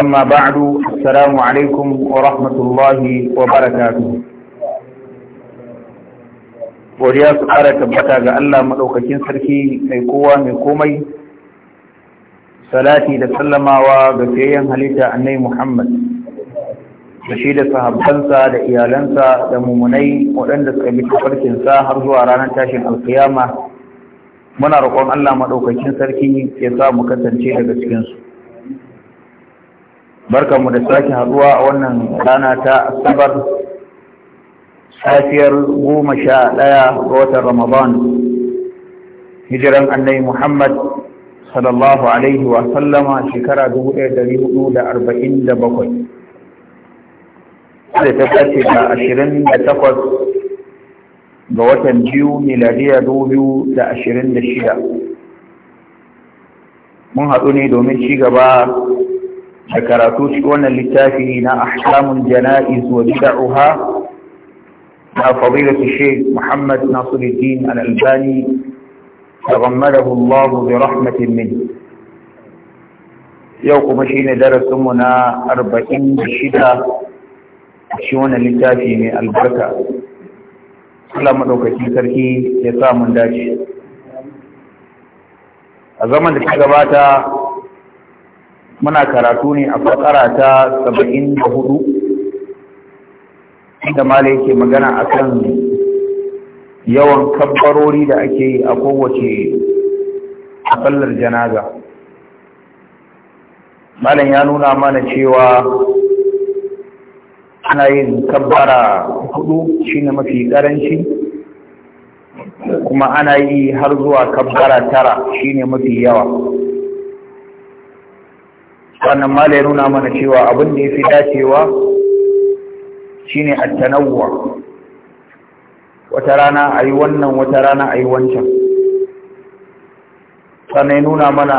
أما بعد السلام عليكم ورحمة الله وبركاته godiya su ƙara tabbata ga Allah maɗaukakin sarki mai kowa mai komai salati da sallamawa ga fiyayyen halitta annai Muhammad da shi da sahabbansa da iyalansa da mumunai waɗanda suka bi tafarkinsa har zuwa ranar tashin alkiyama muna roƙon Allah maɗaukakin sarki ya sa mu kasance daga cikinsu mu da sake haduwa a wannan rana ta asabar safiyar goma sha ɗaya ga watan ramadan hijiran annai muhammad sallallahu alaihi wa sallama shekara dubu ɗaya dari hudu da arba'in da bakwai da ta dace da ashirin da takwas ga watan biyu miladiya dubu biyu da ashirin da shida mun haɗu ne domin ci gaba da karatu shi wannan littafi na ahkamun jana'iz wa bid'aha na fadilat Sheikh Muhammad Nasiruddin Al-Albani tagammadahu Allah bi rahmatin min yau kuma shine darasin mu na 46 shi wannan littafi ne albarka Allah madaukakin sarki ya sa mun dace a zaman da ta gabata muna karatu ne a fakara ta saba'in da hudu inda mala yake magana a kan yawan kabbarori da ake yi a kowace sallar janaza malam ya nuna mana cewa ana yin kabbara hudu shine mafi karanci kuma ana yi har zuwa kabbara tara shine mafi yawa wannan mala ya nuna mana cewa abin da ya fi dacewa shine tanawa wata rana a yi wannan wata rana a yi wancan sannan ya nuna mana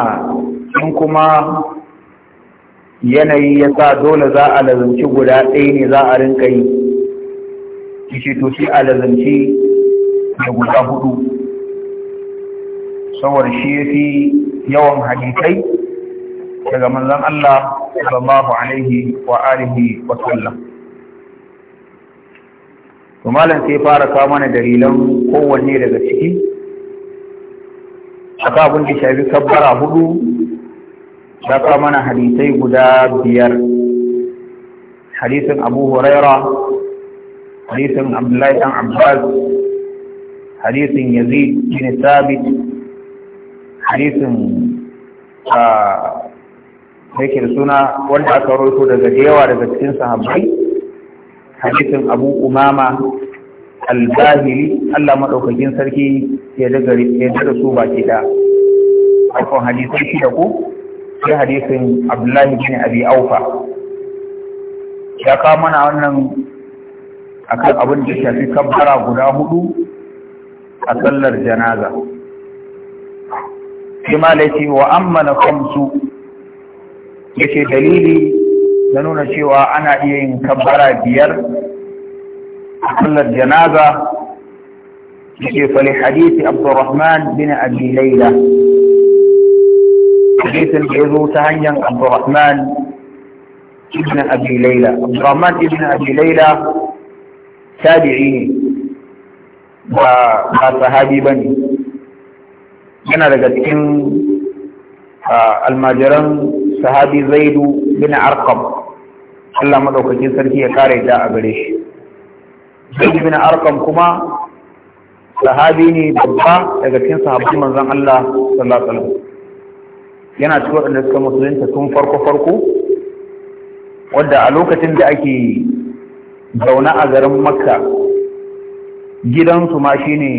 in kuma yanayi ya sa dole za a lazanci guda ɗaya ne za a rinka yi kishi toshi a lazanci da guda hudu saboda shi ya fi yawan hadisai daga manzon Allah sallallahu alaihi wa alihi wa sallam to malam sai fara kawo mana dalilan kowanne daga ciki aka abin da shafi kabbara hudu ya kawo mana hadisai guda biyar hadisin abu huraira hadisin abdullahi dan abbas hadisin yazid bin sabit hadisin ah, yake da suna wanda aka roto daga da yawa daga cikin sahabbai hadisin abu umama al-bahili Allah madaukakin sarki ya daga ya daga su baki da akwai hadisi shi da ku sai hadisin abdullahi bin abi aufa ya kawo mana wannan akan abin da shafi kabbara guda hudu a sallar janaza shi ma da ce wa ammana kamsu ce dalili na nuna cewa ana iya yin kabbara biyar a kullar janaza yace fa Hadithi hadisi Abdurrahman bin Abi laila hadithin da zo ta hanyar Abdurrahman ibn Abi Layla Abdurrahman ibn Abi laila tabi'i ne ba ba sahabi ba ne. yana daga cikin ah, almajiran sahabi zaidu bin arqam Allah madaukakin sarki ya kare ta a gare shi zaidu bin arqam kuma sahabi ne babba daga cikin sahabban manzon Allah sallallahu alaihi wasallam yana cikin waɗanda suka musulunta tun farko farko wadda a lokacin da ake zaune a garin makka gidansu ma shine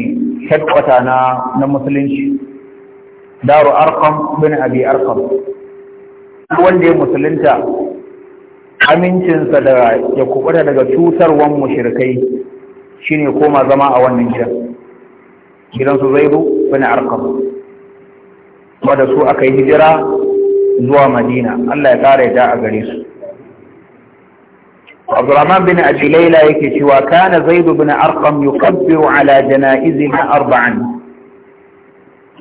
headquarter na na musulunci daru Arkam, bin abi Arkam. wanda ya musulunta amincinsa da ya kubuta daga cutarwan mushrikai shine koma zama a wannan gidan gidan su zaidu bin arqam kuma da su aka yi hijira zuwa madina Allah ya kare da a gare su Abdurrahman bin Abi yake cewa kana Zaidu bin Arqam yukabbiru ala janaizina arba'an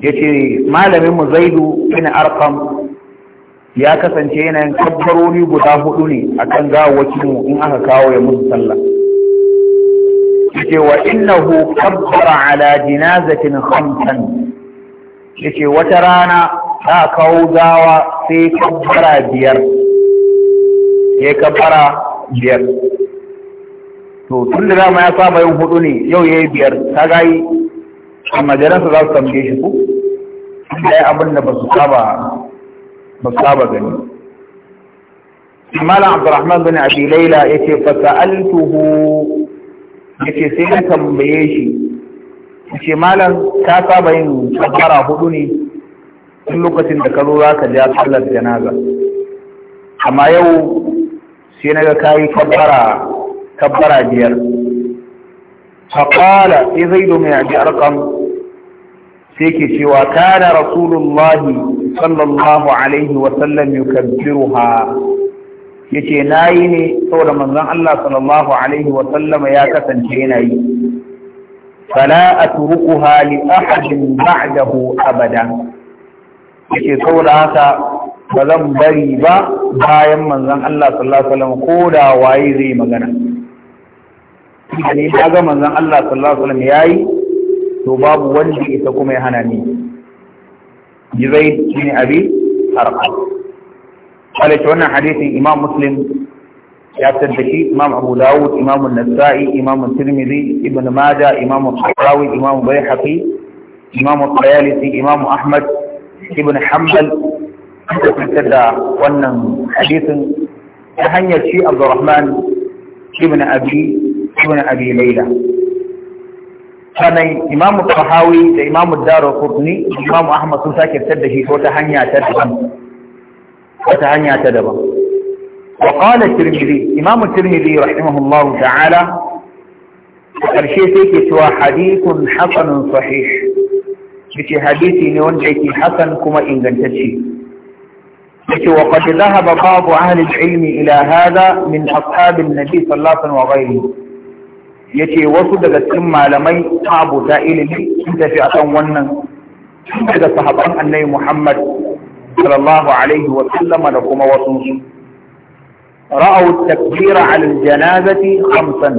yace malamin mu Zaidu bin Arqam ya kasance yanayin kabbaroni guda hudu ne a kan akan mu in aka kawo ya musu sallah yace wa innahu kabbara ala jinazatin khamsan yace wata rana a kawo gawa sai kabbara biyar ya kabbara biyar to tun da dama ya saba yin hudu ne yau yayi biyar ta gayi a majalisa za su tambaye shi ku da abin da ba su saba ba saba gani Malam Abdurrahman bin Abi Laila yace fa sa'altuhu yace sai na tambaye shi yace malam ka saba yin kafara hudu ne tun lokacin da ka zo za ka ja sallar janaza amma yau sai na ga kayi kabbara kabbara biyar fa qala izaidu mai abi arqam sai ke cewa kana rasulullahi sallallahu alaihi wa wasallam yukabbiruha yace nayi ne saboda manzon Allah sallallahu alaihi wa sallam ya kasance yana yi fala atrukuha li ahadin ba'dahu abada yace saboda haka ba zan bari ba bayan manzon Allah sallallahu alaihi wa sallam ko da waye zai magana ne ga manzon Allah sallallahu alaihi wa wasallam yayi to babu wanda ita kuma ya hana ni jizai ne abi arqa kala ce wannan hadisin imam muslim ya fitar da shi imam abu dawud imam an-nasa'i imam tirmidhi ibn majah imam al-hawawi imam bayhaqi imam al-qayalisi imam ahmad ibn hanbal ya fitar da wannan hadisin ta hanyar shi abdurrahman ibn abi ibn abi layla sannan imamu tahawi da imamu daro kurni imamu ahmad sun sake fitar da shi wata hanya ta daban wata hanya ta daban wa qala tirmidhi imamu tirmidhi rahimahullahu ta'ala karshe sai ke cewa hadithun hasanun sahih yace hadisi ne wanda yake hasan kuma ingantacce yace wa qad dhahaba ba'd ahli al-ilm ila hadha min ashabin nabi sallallahu alaihi wa ghairihi ya ce wasu daga cikin malamai ta ilimi sun tafi a kan wannan daga sahaban annabi muhammad sallallahu alaihi wa sallama da kuma su. ra'au takbira alal janazati hamsan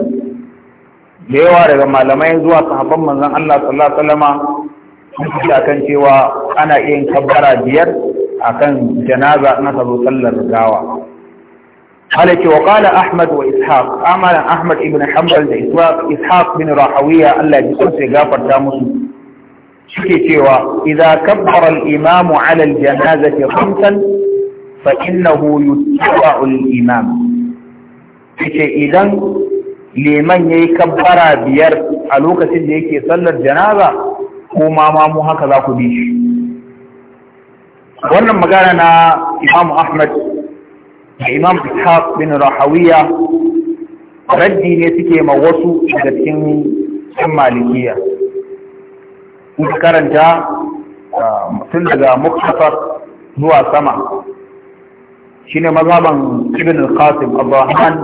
da yawa daga malamai zuwa sahaban manzon Allah sallallahu alaihi wasallama sun kan cewa ana iya yin kabbara biyar akan janaza na zo sallar gawa halaki wa ahmad wa ishaq amalan ahmad ibn hanbal da ishaq bin rahawiya Allah ji ji sai gafarta musu suke cewa idza kabbara al-imamu ala al-janazati khamsan fa innahu yutba'u al-imam Suke idan liman yayi kabbara biyar a lokacin da yake sallar janaza ko ma mu haka za ku bi shi wannan magana na imamu ahmad da imam ishaq bin rahawiya raddi ne suke ma wasu daga cikin cin malikiya in karanta ah, tun daga muktasar zuwa sama shine mazhaban ibn al-qasim abrahman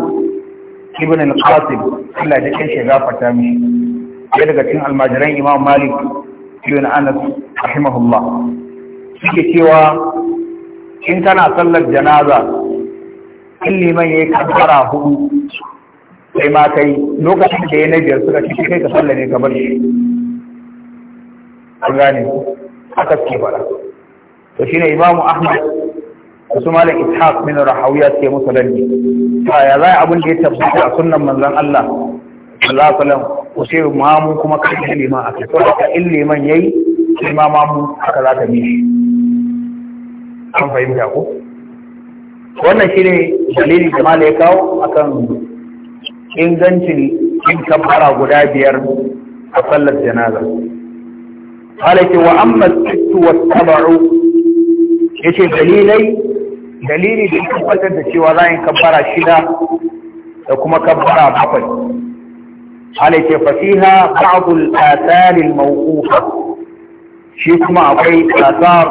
ibn al-qasim Allah ya kai shi gafarta mishi ya daga cikin almajiran imam malik ibn anas rahimahullah suke cewa in kana sallar janaza in liman ya yi kabbara hudu sai ma kai lokacin da ya na biyar suka cikin kai ka sallame ka bar shi an gane haka suke fara to shine imamu ahmad da su malam ishaq min rahawiya suke musu lalle ta ya za abin da ya tabbata a sunnan manzon Allah sallallahu alaihi wasallam ku mamu kuma kai liman akai to haka in liman yayi sai ma mamu haka za ta bi an fahimta ko wannan shi ne dalilin da mala ya kawo akan ingancin yin kafara guda biyar a sallar janaza mala ce wa amma sittu wa tabaru dalilai dalili da tabbatar da cewa za yin kafara shida da kuma kafara bakwai mala fasiha ba'd al-athar shi kuma akwai athar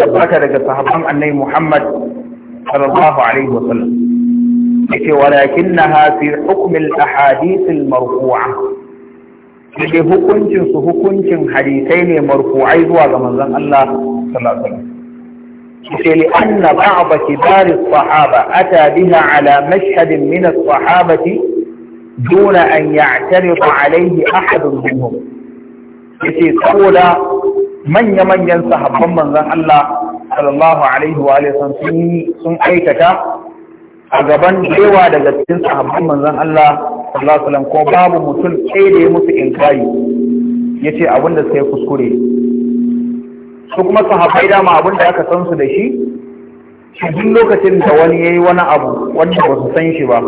tabbata daga sahabban annabi Muhammad صلى الله عليه وسلم لكي ولكنها في حكم الأحاديث المرفوعة لكي هكونش هكونش حديثين مرفوعين وغمزا الله صلى الله عليه وسلم لكي لأن بعض كبار الصحابة أتى بها على مشهد من الصحابة دون أن يعترض عليه أحد منهم لكي تقول من يمن ينسى حبما الله sallallahu alaihi wa alihi sun aikata a gaban cewa daga cikin sahabban manzon Allah sallallahu alaihi ko babu mutum ɗaya da ya musu inkari yace abin da sai kuskure su kuma sahabbai dama abin da aka san su da shi shi duk lokacin da wani yayi wani abu wanda ba su san shi ba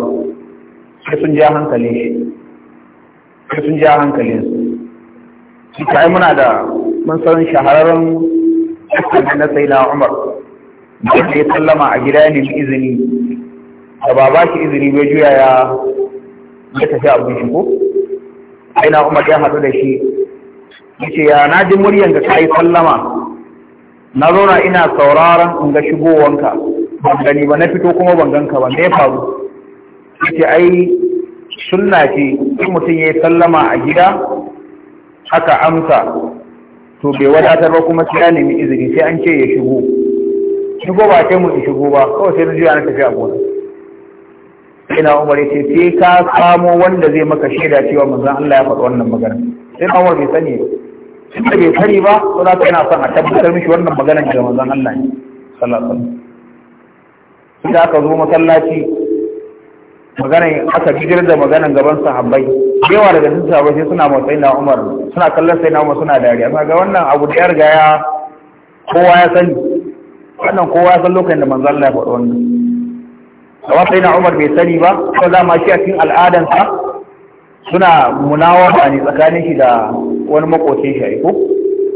sai sun ja hankali shi sai sun ja hankalin su shi kai muna da mun san shahararren na sayyidina Umar da ya sallama a gida ne izini da ba ba shi izini bai juya ya ya tafi abin shi ko aina umar ya haɗu da shi yace ya na ji muryan ka yi sallama na zauna ina sauraron in ga shigowanka ban gani ba na fito kuma ban ganka ba me faru yace ai sunna ce in mutum ya yi sallama a gida haka amsa to bai wadatar ba kuma sai an nemi izini sai an ce ya shigo shigo ba sai mu in shigo ba kawai sai na na tafi a gona ina umar ya ce sai ka samo wanda zai maka shaida cewa manzon Allah ya faɗi wannan magana sai na umar bai sani ba. sun da bai sani ba to za ka yana son a tabbatar mishi wannan magana daga manzon Allah ne sallallahu alaihi wasallam sai aka zo masallaci magana aka jigar da maganan gaban sahabbai yawa daga cikin sahabbai sai suna matsayin na umar suna kallon sai na umar suna dariya amma ga wannan abu da ya ya kowa ya sani wannan kowa ya san lokacin da manzo Allah ya faɗo wannan amma sai na umar bai sani ba ko da ma shi a cikin al'adansa suna munawa ba ne tsakanin shi da wani makocin shi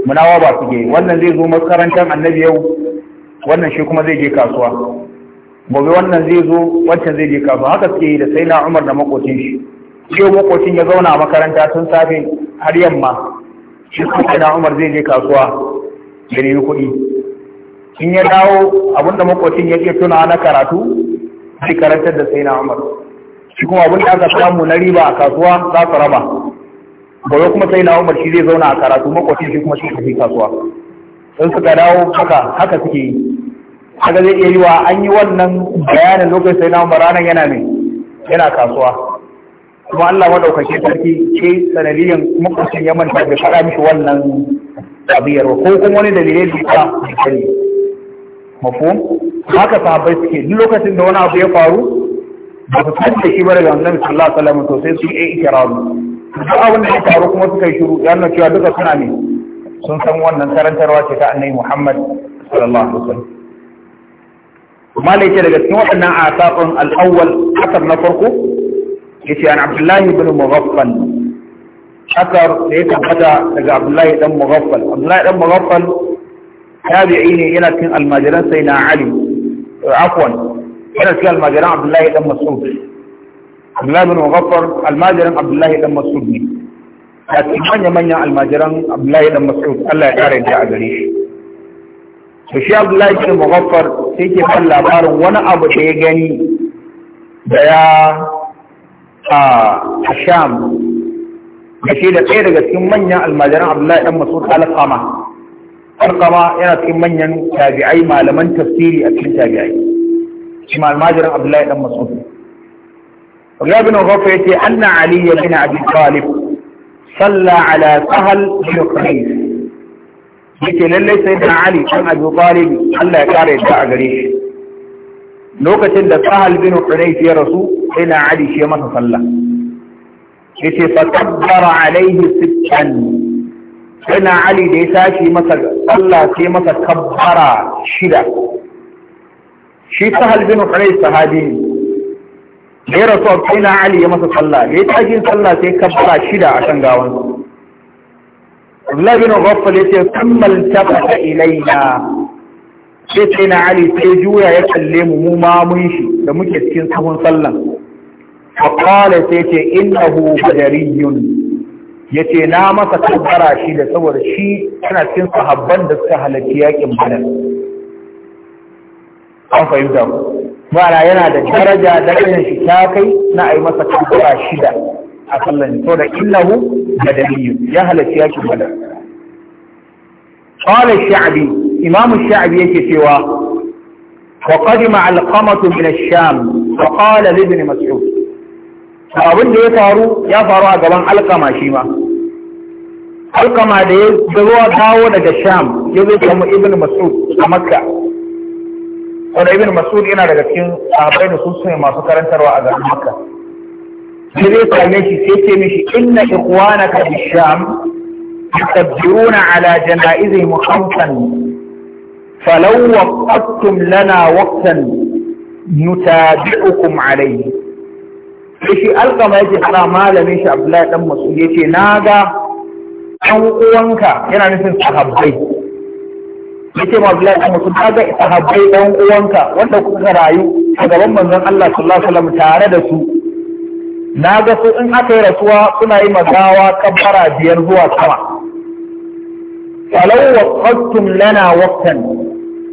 Munawa ba su ge wannan zai zo makarantar annabi yau wannan shi kuma zai je kasuwa gobe wannan zai zo wancan zai je kasuwa haka suke yi da sai na umar da makocin shi yau makocin ya zauna a makaranta tun safe har yamma shi kuma na umar zai je kasuwa ya nemi kuɗi in ya dawo abinda makocin ya ke tuna na karatu zai karantar da sai na umar shi kuma da aka samu na riba a kasuwa za su raba gobe kuma sai na umar shi zai zauna a karatu makocin shi kuma shi tafi kasuwa sun suka dawo haka haka suke yi haka zai iya yi wa an yi wannan bayanin lokacin sai na umar ranar yana ne yana kasuwa kuma Allah madaukake sarki ce sanadiyan makwacin ya manta bai kada mishi wannan abiyar ko kuma wani dalilai da ya sani mafu haka sahabbai suke duk lokacin da wani abu ya faru ba su san da shi ba ga annabi sallallahu alaihi wasallam to sai su yi duk abin da ya faru kuma suka shiru ya nuna cewa duka suna ne sun san wannan karantarwa ce ta annabi Muhammad sallallahu alaihi wasallam malai ce daga cikin waɗannan asafin al'awal asar na farko yace an abdullahi bin mughaffal asar da ya tabbata daga abdullahi dan mughaffal abdullahi dan mughaffal tabi'i ne yana cikin almajiran sai na ali eh, afwan yana cikin almajiran abdullahi dan mas'ud almajiran abdullahi dan mas'ud ne a cikin manya-manyan almajiran abdullahi dan mas'ud Allah ya kare da a gare to shi abdullahi bin mughaffar sai ke ban labarin wani abu da ya gani da ya a sham da shi da ɗaya daga cikin manyan almajiran abdullahi dan masud alqama alqama yana cikin manyan tabi'ai malaman tafsiri a cikin tabi'ai shi almajiran abdullahi dan masud abdullahi bin mughaffar yace anna ali bin abi talib صلى على سهل بن قيس yake lallai sai da Ali ɗan Abu Talib Allah ya kare shi a gare shi lokacin da Sahal bin Hunayf ya rasu sai na Ali shi ya masa sallah yace fa kabbara alaihi sittan sai na Ali da ya tashi masa sallah sai masa kabbara shida shi Sahal bin Hunayf sahabi ne da ya rasu sai na Ali ya masa sallah da ya tashi sallah sai kabbara shida a kan gawansa Abdullahi bin Ghaffal yace kammal tabaka ilaina sai sai na Ali sai juya ya kalle mu mu ma mun shi da muke cikin sahun sallan fa qala sai ce innahu ya yace na masa tabbara shi da saboda shi tana cikin sahabban da suka halarci yakin Badar an fahimta ku ma'ana yana da daraja da shi ta kai na ai masa kabbara shida a sallan to da innahu badaliyu ya halarci yakin badar qala sha'bi imam sha'bi yake cewa وقدم علقمة من الشام فقال لابن مسعود abin da ya faru ya faru a gaban alkama shi ma alkama da ya zuwa dawo daga sham ya zai kama ibn mas'ud a makka wanda ibn mas'ud yana daga cikin sahabbai da su masu karantarwa a garin makka sai zai same shi sai ce mishi inna ikhwanaka fi sham yastabiruna ala jana'izan khamsan falau waqattum lana waqtan nutabi'ukum alayhi shi alkama yake fara malamin shi Abdullahi dan Mas'ud yace ga an uwanka yana nufin sahabbai yace ma Abdullahi dan Mas'ud ga sahabbai dan uwanka wanda kuka rayu a gaban manzon Allah sallallahu alaihi wasallam tare da su na ga su in aka yi rasuwa suna yi magawa kabbara biyar zuwa sama falau waqtum lana waktan,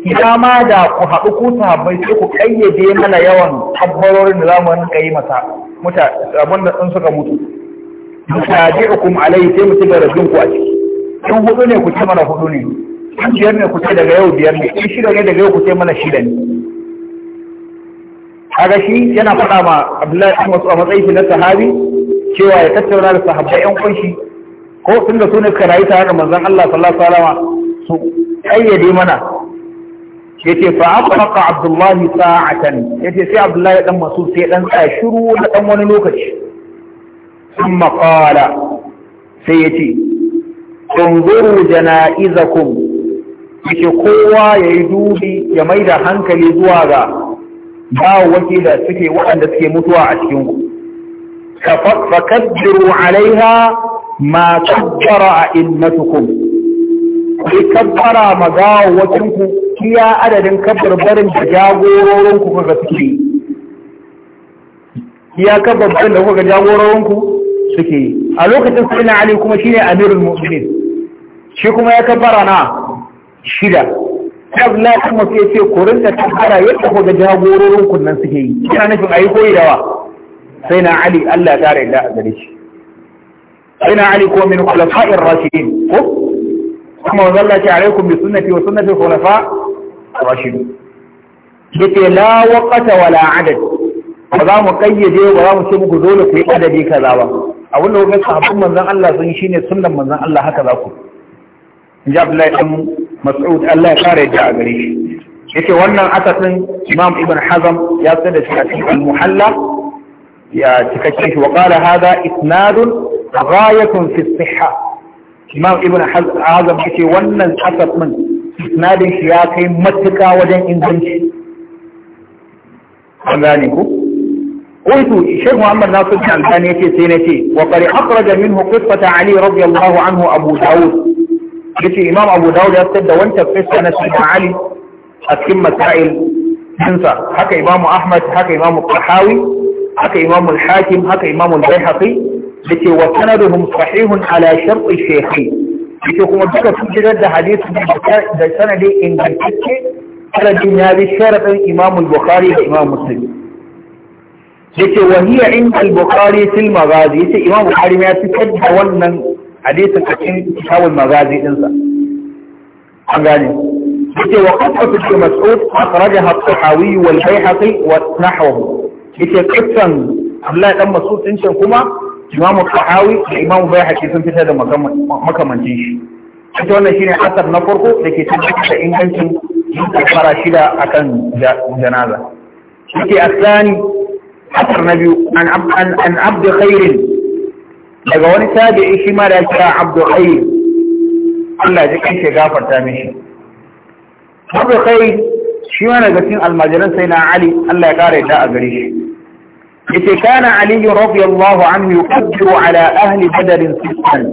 idan ma da ku haɗu ku sahabbai sai ku ƙayyade mana yawan tabbarorin da zamu rinka yi masa muta abin da sun suka mutu mutaji'ukum alai sai mu ci garajin ku a ciki in hudu ne ku ce mana hudu ne in biyar ne ku ce daga yau biyar ne in shida ne daga yau ku ce mana shida ne kaga shi yana faɗa ma Abdullahi ibn Mas'ud a matsayin shi na sahabi cewa ya tattauna da sahabbai ƴan kunshi ko tunda su ne suka rayu tare da manzon Allah sallallahu alaihi wasallam su ayyade mana yace fa afraqa Abdullah sa'atan yace sai Abdullahi dan masu sai dan tsaya shiru na dan wani lokaci thumma qala sai yace tunzuru janaizakum yace kowa yayi dubi ya maida hankali zuwa ga gawawwaki da suke waɗanda suke mutuwa a cikin ku fakaddiru alaiha ma kabbara a innatukum ku kabbara ma gawawwakin ku kiya adadin kabbarbarin da jagororin ku kaga suke kiya kabbarbarin da kuka jagororin ku suke a lokacin sayyidina ali kuma shine amirul mu'minin shi kuma ya kabbara na shida kabla ta sai ce ku ta tabbara yadda ku ga jagororin kunnan suke yi ina nufin ayi koyi dawa sai na ali Allah ta kare da a gare shi sai na ali ko min khulafa'ir rashidin ko kuma wanda Allah ya alaikum bi sunnati wa sunnati khulafa rashidin yace la waqata wala adad ba za mu kayyade ba za mu ce muku dole ku yi adadi kaza ba abin da kuka sahabban manzon Allah sun shine sunnan manzon Allah haka za ku in ji مسعود الله يقارئ جاء قريب يكي وانا عسف امام ابن حزم يصد شكيف المحلى يا تكشيف وقال هذا اثناد غاية في الصحة امام ابن حزم يكي وانا عسف من اثناد شياكي متكا وجن انزنش فلانكو قلت الشيخ محمد ناصر الثاني يتي سينتي وقال أخرج منه قصة علي رضي الله عنه أبو داود حديث الإمام أبو داود يقول ده وانت بفيس أنا سيدنا علي أتكم مسائل تنسى حكى إمام أحمد حكى إمام الطحاوي حكى إمام الحاكم حكى إمام البيحقي لكي وسندهم صحيح على شرط الشيخي لكي كما بك تجد ده حديث ده سندي إن جلتك على دين هذه الشرط إمام البخاري وإمام مسلم لكي وهي عند البخاري في المغازي لكي إمام البخاري ما يتكد ونن hadisin a cikin kitabul magazi dinsa an gane yace wa qasatu ibn mas'ud akhrajaha at-tahawi wal bayhaqi wa nahwahu yace qassan Abdullahi dan Mas'ud din can kuma Imam Tahawi da Imam Bayhaqi sun fitar da makamancin shi ita wannan shine asar na farko da ke tabbatar da ingancin fara shida akan janaza yake asani asar na biyu an an abd khairin daga wani tabi'i shi ma da ya kira abdu khair Allah ya kai gafarta mishi abdu khair shi ma daga cikin almajiran sai na ali Allah ya kare ta a gare shi yace kana ali radiyallahu anhu yuqaddiru ala ahli badr sittan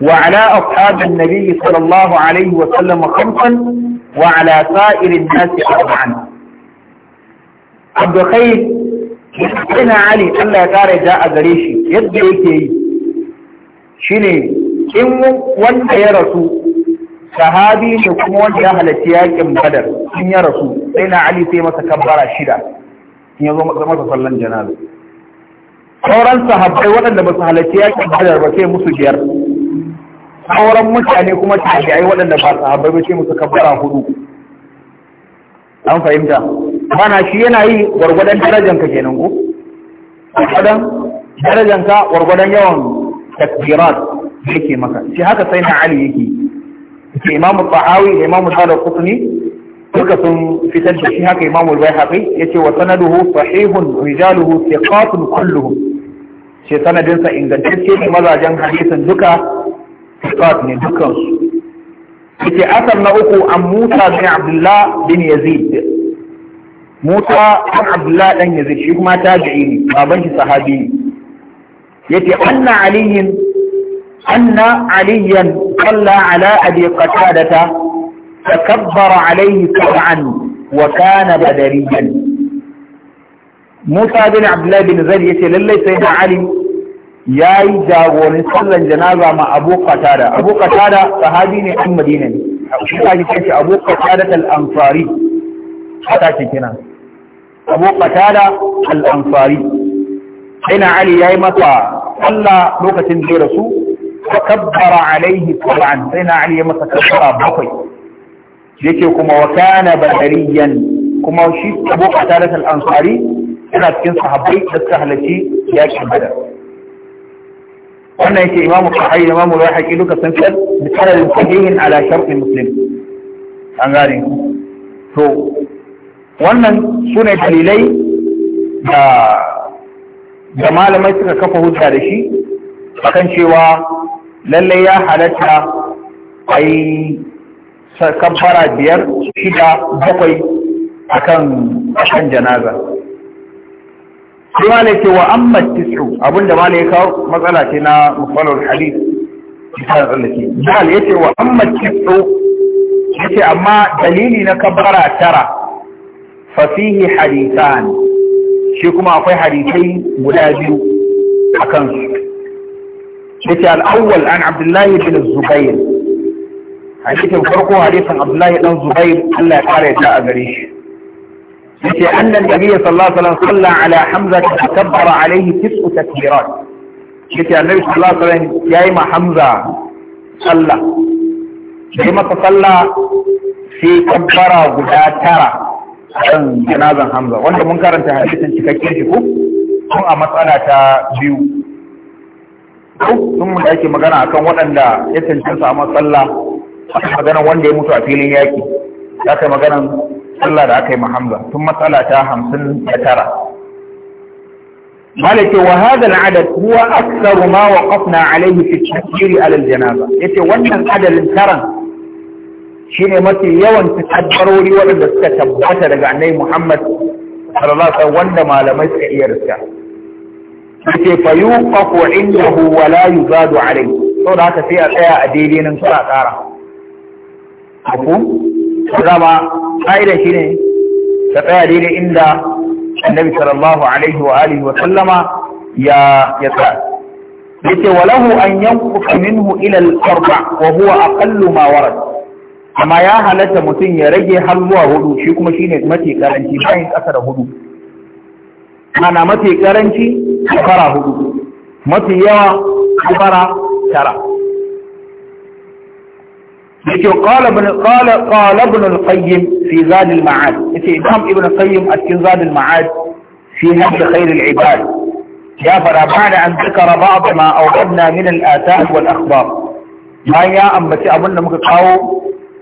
وعلى أصحاب النبي صلى الله عليه وسلم خمسا وعلى سائر الناس أربعا عبد الخير ina ali Allah ya kare ja a gare shi yadda yake yi shine in wanda ya rasu sahabi ne kuma wanda ya halarci yakin badar in ya rasu sai na ali sai masa kabbara shida in ya zo masa sallan janaza sauran sahabbai waɗanda ba su halarci yakin badar ba sai musu biyar sauran mutane kuma tabi'ai waɗanda ba sahabbai ba sai musu kabbara hudu an fahimta mana shi yana yi gwargwadon darajanka kenan ku? gwargwadon darajanka gwargwadon yawan takbirat yake maka shi haka sai na ali yake ke imam tahawi da imam sada qutni duka sun fitar da shi haka bai al Ya ce wa sanaduhu sahihun rijaluhu thiqatun kulluhum ce sanadinsa ingantacce ne mazajen hadisin duka thiqat ne dukansu ce asar na uku an musa bin abdullah bin yazid Musa an Abdullah dan shi kuma tabi'i ne baban shi sahabi ne yace anna aliyin anna aliyan qalla ala abi qatadata takabbara alayhi tab'an wa kana badariyan Musa bin Abdullah bin Zaid yace lallai sai da Ali yayi jagorin sallan janaza ma Abu Qatada Abu sahabi ne an Madina ne shi ansari haka abu da al-ansari ina ali yi masa Allah lokacin da rasu fa kabbara alaihi qur'an sai ali ya masa kabbara bakwai yake kuma wa kana badariyan kuma shi abu qatada al yana cikin sahabbai da suka halarci yakin badar wannan yake imamu sahih imamu rahiqi duka sun fi da karar sahihin ala shartin muslim an gane to wannan su ne dalilai da malamai suka kafa hujja da shi akan cewa lallai ya halatta a yi kabbara biyar shida bakwai akan kan janaza sai malai ce wa amma tisu abinda malai ya kawo matsala ce na mufalar hadith kisan tsallake jihar ya ce wa amma tisu ya ce amma dalili na kabara tara ففيه حديثان شيكما في حديثين مناجم أكنس حتى الأول عن عبد الله بن الزبير حديث الفرقو حديث عبد الله بن الزبير الله تعالى جاء غريش حتى أن النبي صلى الله عليه وسلم صلى على حمزة تكبر عليه تسع تكبيرات أن النبي صلى الله عليه وسلم يا إما حمزة صلى لما تصلى في كبر غدا kan janazan Hamza wanda mun karanta hadisin cikakken shi ko kun a matsala ta biyu ko mun da ake magana akan waɗanda ya tantance a matsala magana wanda ya mutu a filin yaƙi. ya kai maganan sallah da aka yi Hamza tun matsala ta hamsin da tara malaka wa hadha al-adad huwa aktharu ma waqafna alayhi fi at-takbir ala al-janaza yace wannan adalin taran ne mafi yawan tabbarori waɗanda suka tabbata daga annabi Muhammad sallallahu wanda malamai suka iya riska yace fa yuqafu inda wa la yuzadu Sau da haka sai a tsaya a daidai nan kara kara abu zama shi ne. ka tsaya daidai inda annabi sallallahu alaihi wa alihi wa sallama ya ya tsaya yace walahu an yanqusa minhu ila al-arba wa huwa aqallu ma warada amma ya halatta mutum ya rage har zuwa hudu shi kuma shine mafi karanci bayan ƙasa da hudu ana mafi karanci kafara hudu mafi yawa kafara tara yake qala ibn qala qala ibn al-qayyim fi zad al-ma'ad yake imam ibn al-qayyim a cikin zad al-ma'ad fi hadd khair al-ibad ya fara ba'da an zikara ba'd ma awadna min al-athar wal akhbar bayan ya ambaci abin da muka kawo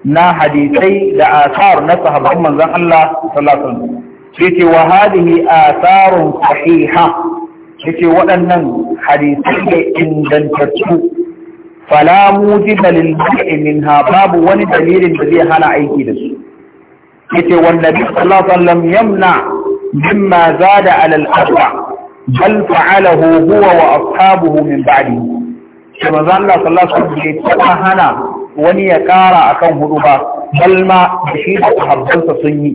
na hadisai da asar na sahabban manzon Allah sallallahu alaihi wasallam yace wa hadhihi asarun sahiha yace waɗannan hadisai da ingantattu fala mujiba lil bid'i minha babu wani dalilin da zai hana aiki da su yace wanda bi sallallahu alaihi wasallam yamna mimma zada ala al-arba bal fa'alahu huwa wa ashabuhu min ba'di shi manzo Allah sallallahu alaihi wasallam ya hana wani ya ƙara akan hudu ba balma da shi da sahabbansa sun yi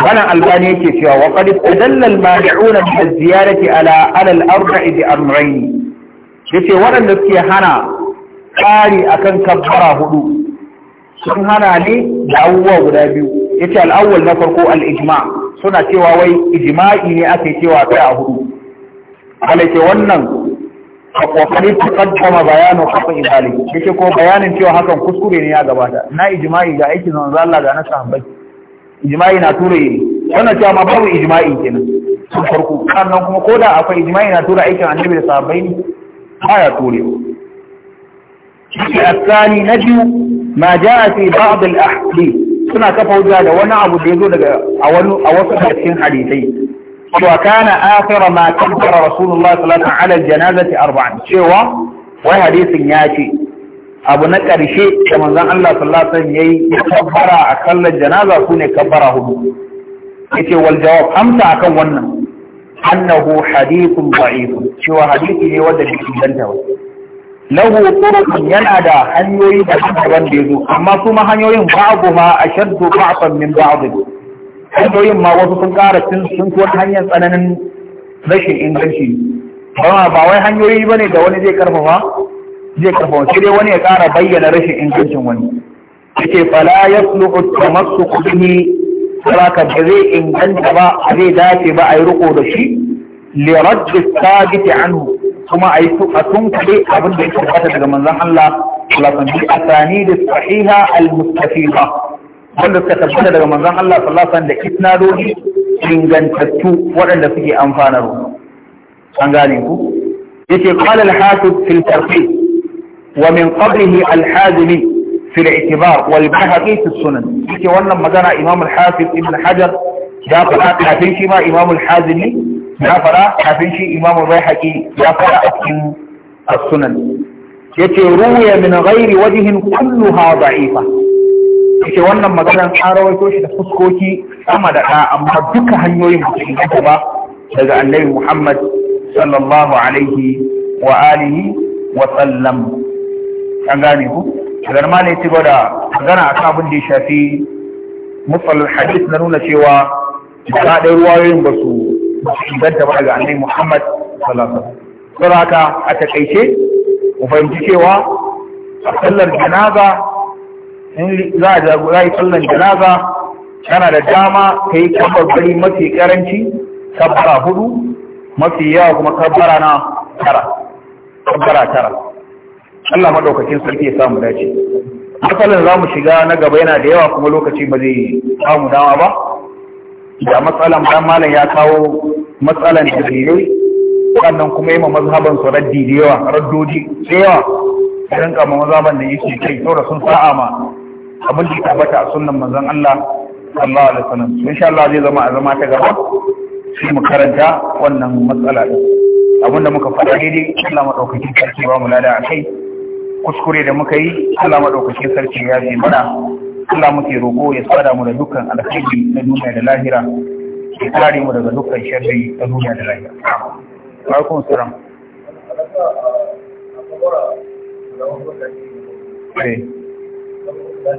wannan albani yake cewa wa qad tadalla al-mani'una bi az-ziyarati ala al-arba'i bi amrayn yace waɗanda suke hana ƙari akan kabbara hudu sun hana ne da abubuwa guda biyu yace al-awwal na farko al-ijma' suna cewa wai ijma'i ne ake cewa kai a hudu wala wannan ta تقدم بيان haka ذلك yake ko bayanin cewa hakan kuskure ne ya gabata na ijma'i ga aikin manzo Allah ga na sahabbai ijma'i na tura yi wannan cewa ma babu ijma'i kenan sun farko kannan kuma koda akwai ijma'i na tura aikin annabi da sahabbai ne ba ya tura yi shi a tsani na biyu ma jaa fi ba'd al ahli suna kafa hujja da wani abu da yazo daga a wani a wasu cikin hadisai وكان آخر ما كبر رسول الله صلى الله عليه وسلم على Cewa wai hadisin وحديث ياتي abu na karshe da manzon Allah sallallahu alaihi wasallam yayi ya kabbara a kallon janaza su ne kabbara hudu yace wal jawab amsa akan wannan annahu hadithun da'if cewa hadisi ne wanda bai inganta ba lahu turuqun yana da hanyoyi da daban da yazo amma kuma hanyoyin ba'dhu ma ashaddu ba'dan min ba'd hanyoyin ma wasu sun ƙara sun hanyar tsananin rashin inganci ba wai hanyoyi ba ne da wani zai karfafa zai karfafa sai dai wani ya ƙara bayyana rashin ingancin wani yake fala ya sulu tamassu kudihi saraka ba zai inganta ba zai dace ba a yi riko da shi li sabiti anhu kuma a yi a tunkule abin da ya tabbata daga Manzan Allah sallallahu alaihi da sahiha al-mustafidah wanda suka tabbata daga manzon Allah sallallahu alaihi wasallam da isnadodi ingantattu waɗanda suke amfanarwa an gane ku yace qala al-hafiz fil wa min qablihi al-hazimi fil i'tibar wal bahaqi fi sunan yace wannan magana imam al-hafiz ibn hajar ya fara kafin shi ma imam al-hazimi ya fara kafin shi imam al-bahaqi ya fara a cikin as-sunan yace ruya min ghairi wajhin kulluha da'ifa yake wannan maganar an rawaito shi da fuskoki sama da ɗa amma duka hanyoyin ba su ba daga annabi Muhammad sallallahu alaihi wa alihi wa sallam an gane ku daga ma ne ci gwada magana a kan da ya shafi mutsalar hadith na nuna cewa ba ɗaya ruwayoyin ba su inganta ba daga annabi Muhammad sallallahu alaihi wa sallam. haka a takaice, mu fahimci cewa sallar janaza in za a yi sallan janaza yana da dama ka yi kabbarbari mafi karanci kabbara hudu mafi yawa kuma kabbara na tara kabbara tara Allah maɗaukacin sarki ya samu dace matsalin za mu shiga na gaba yana da yawa kuma lokaci ba zai samu dama ba da matsalan ɗan malam ya kawo matsalan jirgin sannan kuma yi ma mazhaban su raddi da yawa raddodi da yawa irin kama mazhaban da yake kai da sun sa'a ma abin da tabbata a sunan manzon Allah sallallahu alaihi wasallam insha Allah zai zama a zama ta gaba shi mu karanta wannan matsala din abinda muka faɗa daidai Allah madaukaki sarki ba mu lada a kai kuskure da muka yi Allah madaukaki sarki ya ce mana Allah muke roƙo ya tsada mu da dukkan alkhairi na duniya da lahira ya tsare mu daga dukkan sharri na duniya da lahira wa alaikum salam Okay. Eh. suka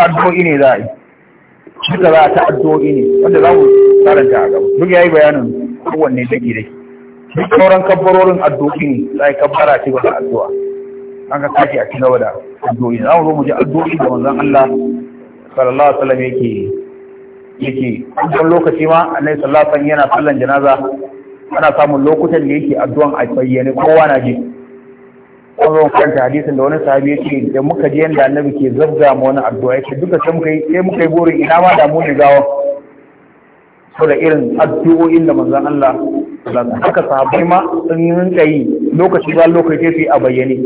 addu'o'i ne za a yi suka za a ta addu'o'i ne wanda za mu karanta a gaba duk ya yi bayanin kowanne da daki duk sauran kabbarorin addu'o'i ne za a yi kabbara ce ba da addu'a an ka kashi a ci gaba da addu'o'i za mu zo mu ji addu'o'i da manzon Allah sallallahu alaihi yake yake don lokaci ma annabi sallallahu alaihi yana sallan janaza ana samun lokutan da yake addu'an a bayyane kowa na ji an zo kanta hadisin da wani sahabi yake da muka je yanda annabi ke zabga mu wani addu'a yake duka sai muka yi sai muka yi burin ina ma da mu ne gawa saboda irin addu'o'in da manzon Allah haka sahabbai ma sun yi rinka yi lokaci ba lokaci sai a bayyane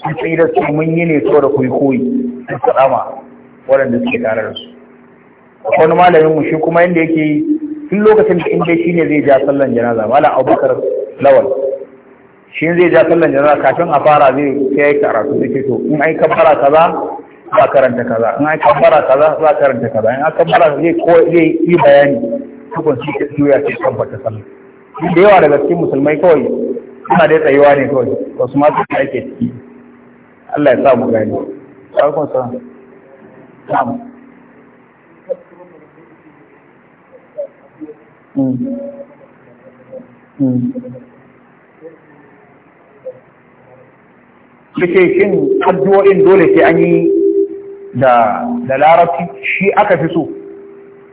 sun sai da su mun yi ne saboda yi koyi sun ma waɗanda suke tare da su wani malamin mu shi kuma yanda yake yi tun lokacin da inda ne zai ja sallan janaza malam Abubakar Lawal shi zai ja sallan jana'a kafin a fara zai yi karatu da ke to in ai kabbara kaza za karanta kaza in ai kabbara kaza za karanta kaza in ai kabbara zai ko zai yi bayani tukun su ke juya ce tabbata sallan duk da yawa daga cikin musulmai kawai suna dai tsayuwa ne kawai wasu ma su ake ciki Allah ya sa mu gani alaikum salam Mm. yace shin addu'o'in dole sai an yi da da larabci shi aka fi so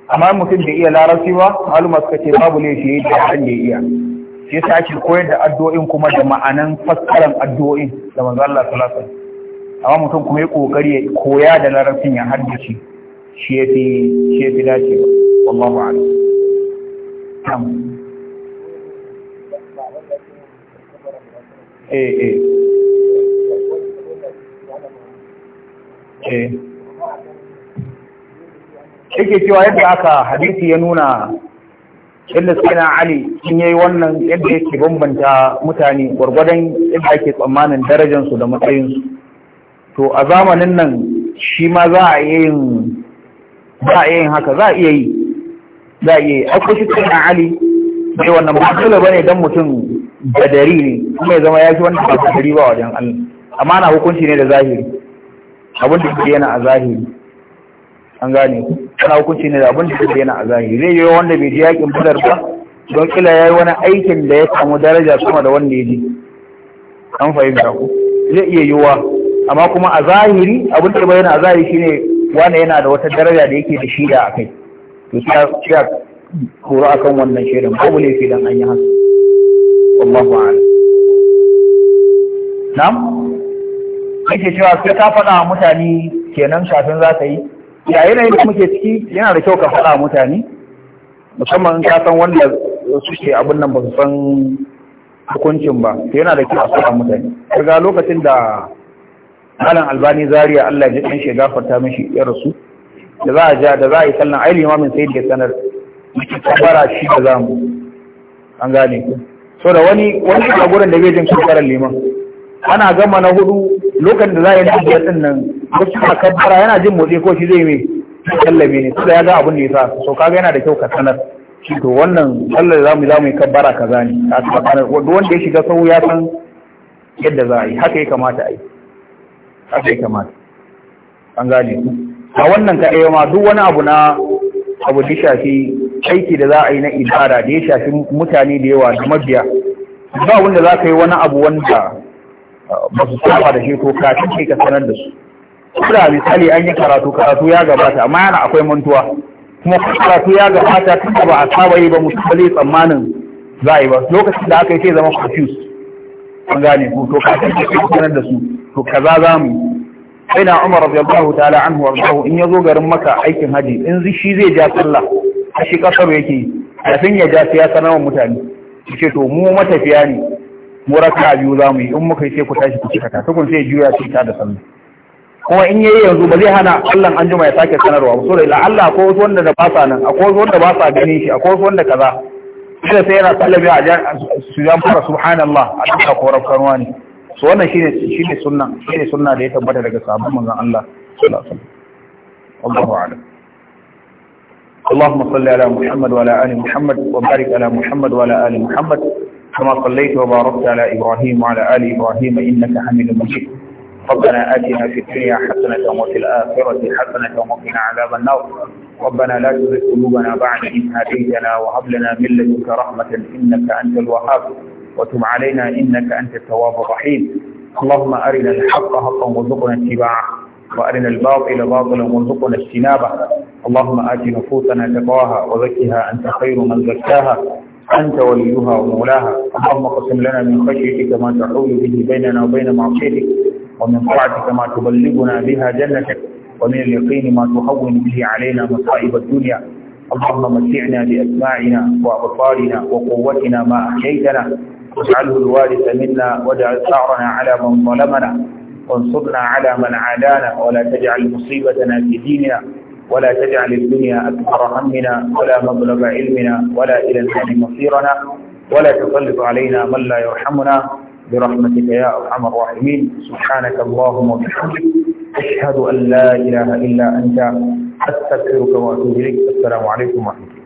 amma mutum da iya larabci ba maluma suka ce babu ne shi da an da iya shi yasa ake koyar da addu'o'in kuma da ma'anan fassaran addu'o'in da manzo Allah sallallahu alaihi wasallam amma mutum kuma ya kokari ya koya da larabcin ya haddace shi yafi shi yafi dacewa wallahu a'lam eh eh ce eh. yake cewa yadda aka hadisi ya nuna yadda suke na ali sun yi wannan yadda yake bambanta mutane gwargwadon yadda ake tsammanin darajansu da matsayinsu to a zamanin nan shi ma za a yin za a yin haka za a iya yi za a iya yi akwai shi na ali sai wannan ba dole ne don mutum gadari ne kuma ya zama ya shi wannan ba gadari ba wajen Allah amma na hukunci ne da zahiri abinda da yana a zahiri an gane kana hukunci ne da abinda da yana a zahiri zai yi wanda bai ji yakin badar ba don kila yayi wani aikin da ya samu daraja sama da wanda ya ji. an fahimta ku zai iya wa, amma kuma a zahiri abin da yana a zahiri shine wani yana da wata daraja da yake da shida a kai to sai ya kura akan wannan shirin babu laifi dan an yi haka wallahu a'lam na'am ake cewa sai ka faɗa wa mutane kenan shafin za ka yi ya yanayin da muke ciki yana da kyau ka faɗa wa mutane musamman in ka san wanda suke abin nan ba su san hukuncin ba sai yana da kyau a faɗa mutane daga lokacin da malam albani zaria allah ya ɗan shiga farta mishi ya rasu da za a ja da za a yi sallan ai limamin sai da sanar muke kabara shi da zamu an gane so da wani wani a gurin da bai jin kabarar liman ana gama na hudu lokacin da za a yi hajjiyar ɗin nan ko shi ka kabbara yana jin motsi ko shi zai mai kallabe ne tunda ya ga abin da ya sa so kaga yana da kyau ka sanar shi to wannan sallar za mu za mu yi kabbara kaza ne a cikin sanar wanda ya shiga sau ya san yadda za a yi haka ya kamata a yi haka ya kamata an gane ku a wannan ka ɗaya ma duk wani abu na abu da shafi aiki da za a yi na ibada da ya shafi mutane da yawa da mabiya ba wanda za ka yi wani abu wanda ba su saba da shi ko kafin ka sanar da su kuma misali an yi karatu karatu ya gabata amma yana akwai mantuwa kuma karatu ya gabata kuma ba a saba yi ba musali tsammanin za a yi ba lokacin da aka yi sai zama confused an gane ku to kafin kai ka sanar da su to kaza za mu sai na umar radiyallahu ta'ala anhu warzahu in yazo garin maka aikin haji in shi zai ja sallah a shi kasar yake kafin ya ja sai ya sanar wa mutane ce to mu matafiya ne mu raka biyu za mu yi in muka yi sai ku tashi ku cika ta tukun sai juya ce ta da sallah kuma in yayi yanzu ba zai hana Allah an ya sake sanarwa ba saboda la Allah akwai wasu wanda da ba sa nan akwai wasu wanda ba sa gani shi akwai wasu wanda kaza sai sai yana sallah biya a su jan fara subhanallah a duka korar kanwa ne so wannan shine shine sunna shine sunna da ya tabbata daga sahabban manzon Allah sallallahu alaihi wasallam Allahu a'lam اللهم صل على محمد وعلى آل محمد وبارك على محمد وعلى آل محمد كما صليت وباركت على إبراهيم وعلى آل إبراهيم إنك حميد مجيد ربنا آتنا في الدنيا حسنة وفي الآخرة حسنة وقنا عذاب النار ربنا لا تزغ قلوبنا بعد إذ هديتنا وهب لنا من لدنك رحمة إنك أنت الوهاب وتب علينا إنك أنت التواب الرحيم اللهم أرنا الحق حقا وارزقنا اتباعه وأرنا الباطل باطلا وارزقنا اجتنابه اللهم آت نفوسنا تقواها وزكها أنت خير من زكاها أنت وليها ومولاها اللهم اقسم لنا من خشيتك ما تحول به بيننا وبين معصيتك ومن طاعتك ما تبلغنا بها جنتك ومن اليقين ما تهون به علينا مصائب الدنيا اللهم متعنا بأسماعنا وأبصارنا وقوتنا ما أحييتنا واجعله الوارث منا واجعل ثأرنا على من ظلمنا وانصرنا على من عادانا ولا تجعل مصيبتنا في ديننا ولا تجعل الدنيا أكبر همنا ولا مبلغ علمنا ولا إلى الآن مصيرنا ولا تسلط علينا من لا يرحمنا برحمتك يا أرحم الراحمين سبحانك اللهم وبحمدك أشهد أن لا إله إلا أنت أستغفرك وأتوب إليك السلام عليكم ورحمة الله